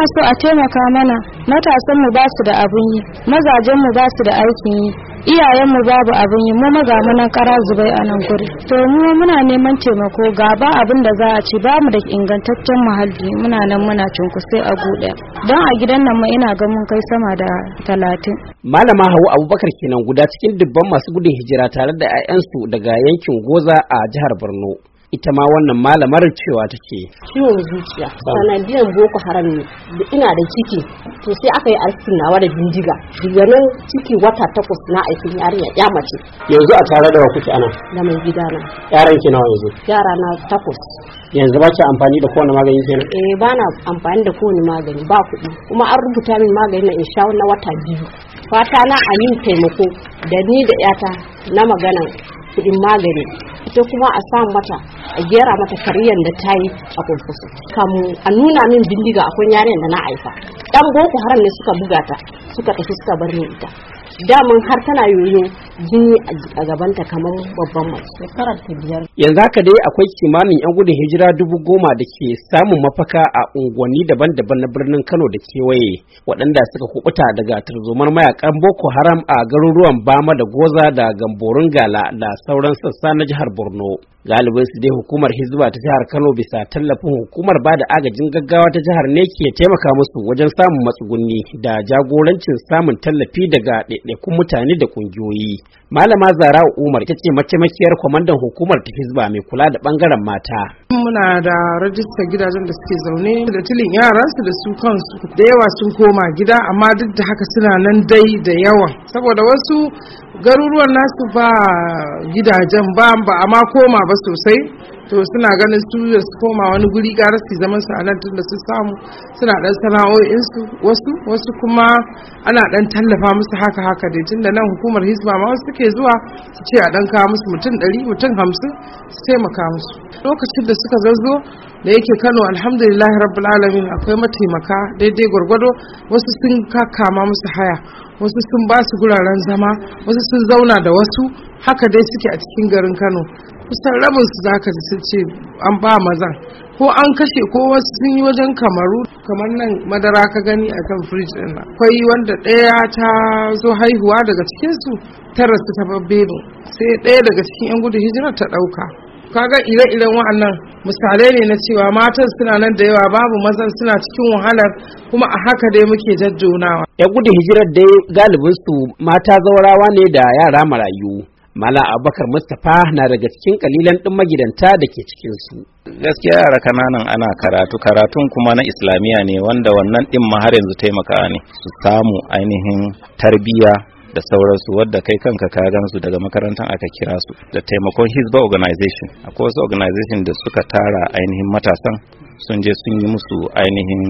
muna so a taimaka mana matasanmu ba su da abun yi mazajenmu ba su da aikin yi iyayenmu babu abin yi mu maza nan kara zubai a nan guri to mu muna neman taimako ga ba abin da za a ci ba mu da ingantaccen muhalli muna nan muna cunkusai a gude don a gidan nan ma ina ga mun kai sama da talatin malama hawa abubakar kenan guda cikin dubban masu gudun hijira tare da 'ya'yansu daga yankin goza a jihar borno ita ma wannan malamar cewa take ciwon zuciya sanadiyan boko haram ne da ina da ciki to sai aka yi arsin nawa da bindiga daga nan ciki wata takwas na aikin yarinya ya mace yanzu a tare da wa kuke ana da mai gida na. yaran ki nawa yanzu yara na takwas yanzu ba ki amfani da kowane magani kenan eh ba na amfani da kowane magani ba kuɗi kuma an rubuta min magani na insha na wata biyu fata na amin taimako da ni da yata na maganan kuɗin magani ita kuma a sa mata a gera mata kariyar da ta yi a kurkusa kamu a nuna min bindiga akwai yaren da na haifa Ɗan boko haram ne suka buga ta suka tafi suka bar ni ita daman har tana yoyo jini a gabanta kamar babban mace. Yanzu haka dai akwai kimanin 'yan gudun hijira dubu goma da ke samun mafaka a unguwanni daban-daban na birnin Kano da kewaye waɗanda suka kubuta daga tarzomar mayakan Boko Haram a garuruwan Bama da Goza da gamborin Gala da sauran sassa na jihar Borno. Galibin su dai hukumar Hizba ta jihar Kano bisa tallafin hukumar ba da agajin gaggawa ta jihar ne ke taimaka musu wajen samun matsugunni da jagorancin samun tallafi daga ɗaiɗai ɗaiɗaikun mutane da ƙungiyoyi. Malama Zara Umar ita ce mataimakiyar kwamandan hukumar ta Hizba mai kula da ɓangaren mata. Muna da rajista gidajen da suke zaune da tilin yaransu da su kansu da yawa sun koma gida amma duk da haka suna nan dai da yawa saboda wasu garuruwan nasu ba gidajen ba ba amma koma ba sosai to suna ganin su da su koma wani guri gara su zaman su a nan tun da su samu suna dan sana'o'insu wasu wasu kuma ana dan tallafa musu haka haka dai tun da nan hukumar hisba ma wasu suke zuwa su ce a dan kawo musu mutum ɗari mutum hamsin su taimaka musu lokacin da suka zazzo da yake kano alhamdulillah rabbul alamin akwai mataimaka daidai gwargwado wasu sun kakama musu haya wasu sun ba su guraren zama wasu sun zauna da wasu haka dai suke a cikin garin kano kusan rabin su za ka su ce an ba mazan ko an kashe ko wasu sun yi wajen kamaru kamar nan madara ka gani a kan firij ɗin akwai wanda ɗaya ta zo haihuwa daga cikinsu ta rasu ta babbe sai ɗaya daga cikin 'yan gudun hijira ta ɗauka kaga ire-iren wa'annan misalai ne na cewa matan suna nan da yawa babu mazan suna cikin wahalar kuma a haka dai muke jajjonawa ya gudu hijirar dai galibin su mata zaurawa ne da yara marayu mala abubakar mustapha na daga cikin kalilan ɗin magidanta da ke cikin su gaskiya yara kananan ana karatu karatun kuma na islamiyya ne wanda wannan ɗin ma har yanzu taimaka ne su samu ainihin tarbiyya da sauransu wadda kai kanka ka gansu daga makarantar aka kira su da taimakon Hisba organization akwai wasu organization da suka tara ainihin matasan sun je sun yi musu ainihin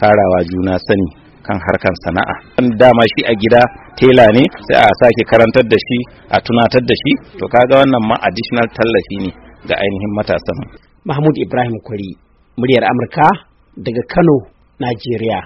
karawa juna sani kan harkar sana'a dama shi a gida tela ne sai a sake karantar da shi a tunatar da shi to kaga wannan ma additional tallafi ne ga ainihin matasan mahmud ibrahim kwari muryar amurka daga kano najeriya